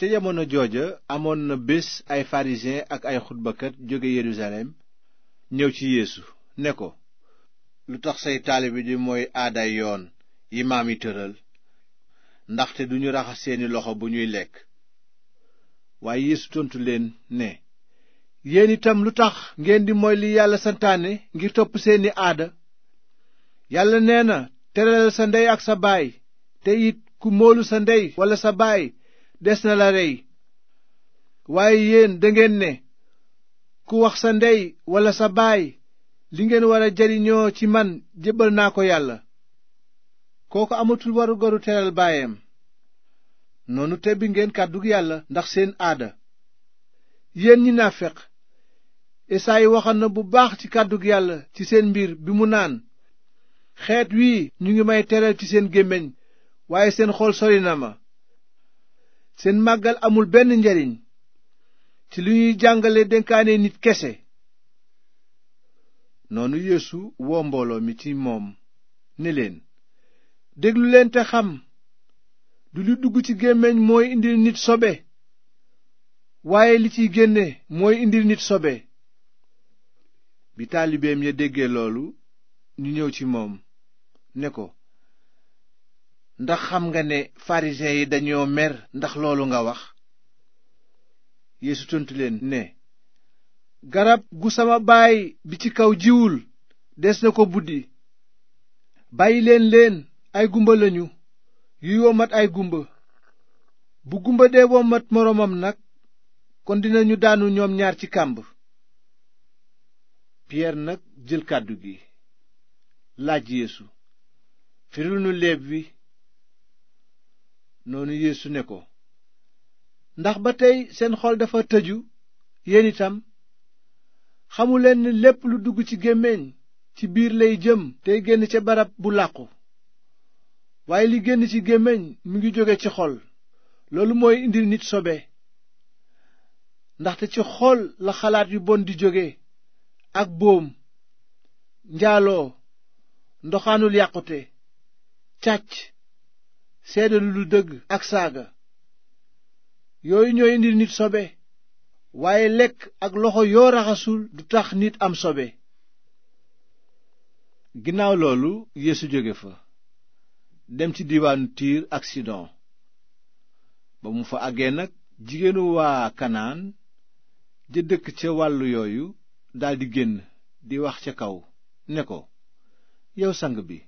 ca jamono jooja amoon na bés ay farisiyen ak ay xutbakat jóge yerusalem ñëw ci yeesu ne ko lu tax say taalibe di mooy aada yoon yi maam yi tëral ndaxte duñu raxas seeni loxo bu ñuy lekk waaye yeesu tontu leen ne yéen itam lu tax ngeen di mooy li yàlla santaane ngir topp seeni aada yàlla nee na teralal sa ndey ak sa baay te it ku moolu sa ndey walla sa baay des na la rey waaye yéen dangeen ne ku wax sa ndey walla sa baay li ngeen war jariñoo ci man jébbal naa ko yàlla kooku amatul warugaru teral baayam noonu tebbi ngeen kàddug yàlla ndax seen aada yéen ñi naafeq esaayi waxoon na bu baax ci kàddug yàlla ci seen mbir bi mu naan xeet wii ñu ngi may teral ci seen gémmiñ waaye seen xool sori na ma seen màggal amul benn njariñ ci li ñuy jàngale dénkaane nit kese noonu Yeesu woo mbooloo mi ci moom ne leen déglu leen te xam du lu dugg ci gémmiñ mooy indil nit sobe waaye li ciy génne mooy indi nit sobe bi taalibeem ya déggee loolu ñu ñëw ci moom ne ko ndax xam nga ne farisiyen yi dañoo mer ndax loolu nga wax yeesu tontu leen ne garab gu sama baay bi ci kaw jiwul des na ko buddi bàyyi leen leen ay gumba lañu yuy womat ay gumba bu gumba dee womat moroomam nag kon dinañu daanu ñoom ñaar ci kàmb piyeer nag jël kàddu gi laaj yeesu firil nu leeb wi noonu yeesu ne ko ndax ba tey seen xol dafa tëju yéen itam xamuleen ni lépp lu dugg ci gémmiñ ci biir lay jëm tey génn ca barab bu làqu waaye li génn ci gémmiñ mu ngi jóge ci xol loolu mooy indil nit sobe ndaxte ci xol la xalaat yu bon di jóge ak boom njaaloo ndoxaanul yàqute càcc seede lu dëgg ak saaga yooyu ñoo indi nit sobe waaye lekk ak loxo yoo raxasul du tax nit am sobe ginnaaw loolu Yeesu jóge fa dem ci diiwaanu Tiir ak Sidon ba mu fa àggee nag jigéenu waa Kanaan ja dëkk ca wàll yooyu daldi génn di wax ca kaw ne ko yow sang bi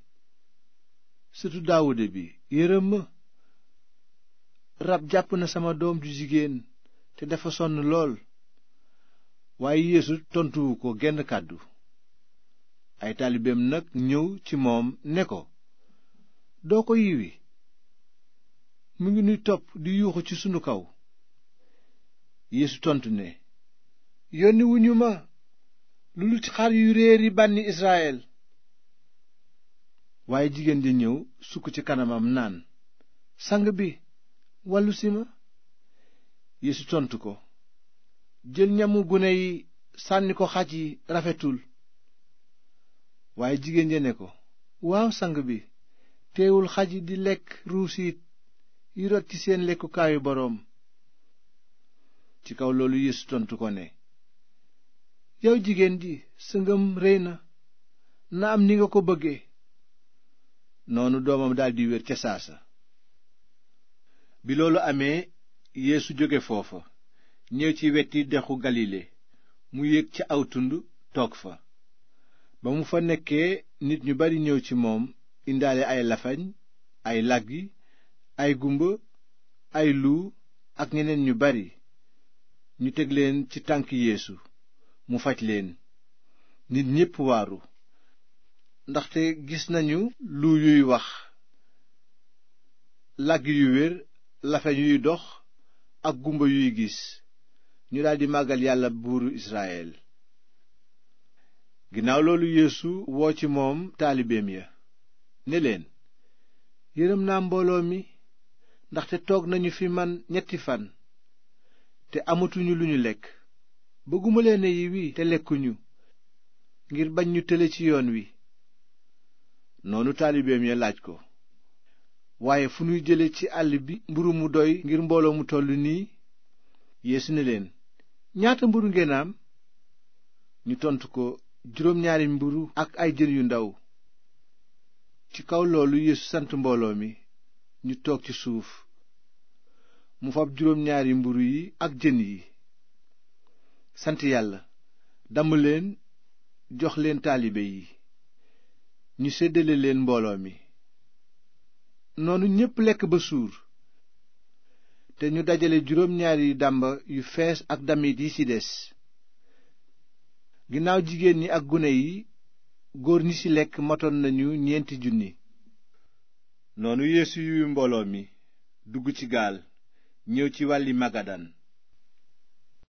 sëtu Daawude bi yërëm ma rab jàpp na sama doom ju jigéen te dafa sonn lool waaye yéesu tontuwu ko genn kàddu ay taalibeem nag ñëw ci moom ne ko doo ko yiwi mu ngi nuy topp di yuuxu ci sunu kaw yeesu tontu ne yónni ma lu lu ci xar yu réer yi bànni israel waaye jigéen ja ñëw sukk ci kanamam naan sang bi wàllu si ma yeesu tontu ko jël ñamu gune yi sànni ko xaj yi rafetul waaye jigéen ja ne ko waaw sang bi teewul xaj yi di lekk ruus ruusiit yi rot ci seen lekkukaayu boroom ci kaw loolu yeesu tontu ko ne yow jigéen ji sa ngëm réy na na am ni nga ko bëggee noonu doomam daldi wér ca bi loolu amee yéesu jóge foofa ñëw ci weti dexu galile mu yéeg ca aw tund toog fa ba mu fa nekkee nit ñu bari ñëw ci moom indaale ay lafañ ay làggi ay gumba ay luu ak ñeneen ñu bari ñu teg leen ci tànk yeesu mu faj leen nit ñépp waaru ndaxte gis nañu lu yuy wax làgg yu wér lafeñ yuy dox ak gumba yuy gis ñu daldi màggal yàlla buuru Israyel ginnaaw loolu Yeesu woo ci moom taalibeem ya ne leen yërëm naa mbooloo mi ndaxte toog nañu fi man ñetti fan te amatuñu lu ñu lekk bëgguma leen a yiwi te lekkuñu ngir bañ ñu tële ci yoon wi noonu taalibeem ya laaj ko waaye fu nuy jële ci àll bi mburu mu doy ngir mbooloo mu toll nii yeesu ne leen ñaata mburu ngeen ñu tontu ko juróom ñaari mburu ak ay jën yu ndaw ci kaw loolu yeesu sant mbooloo mi ñu toog ci suuf mu fab juróom ñaari mburu yi ak jën yi sant yàlla damm leen jox leen taalibe yi ñu séddale leen mbooloo mi noonu ñépp lekk ba suur te ñu dajale juróom ñaari dàmba yu fees ak damit yi ci des ginnaaw jigéen ñi ak gune yi góor ñi ci lekk matoon nañu ñeenti junni noonu yeesu yuy mbooloo mi dugg ci gaal ñëw ci wàlli magadan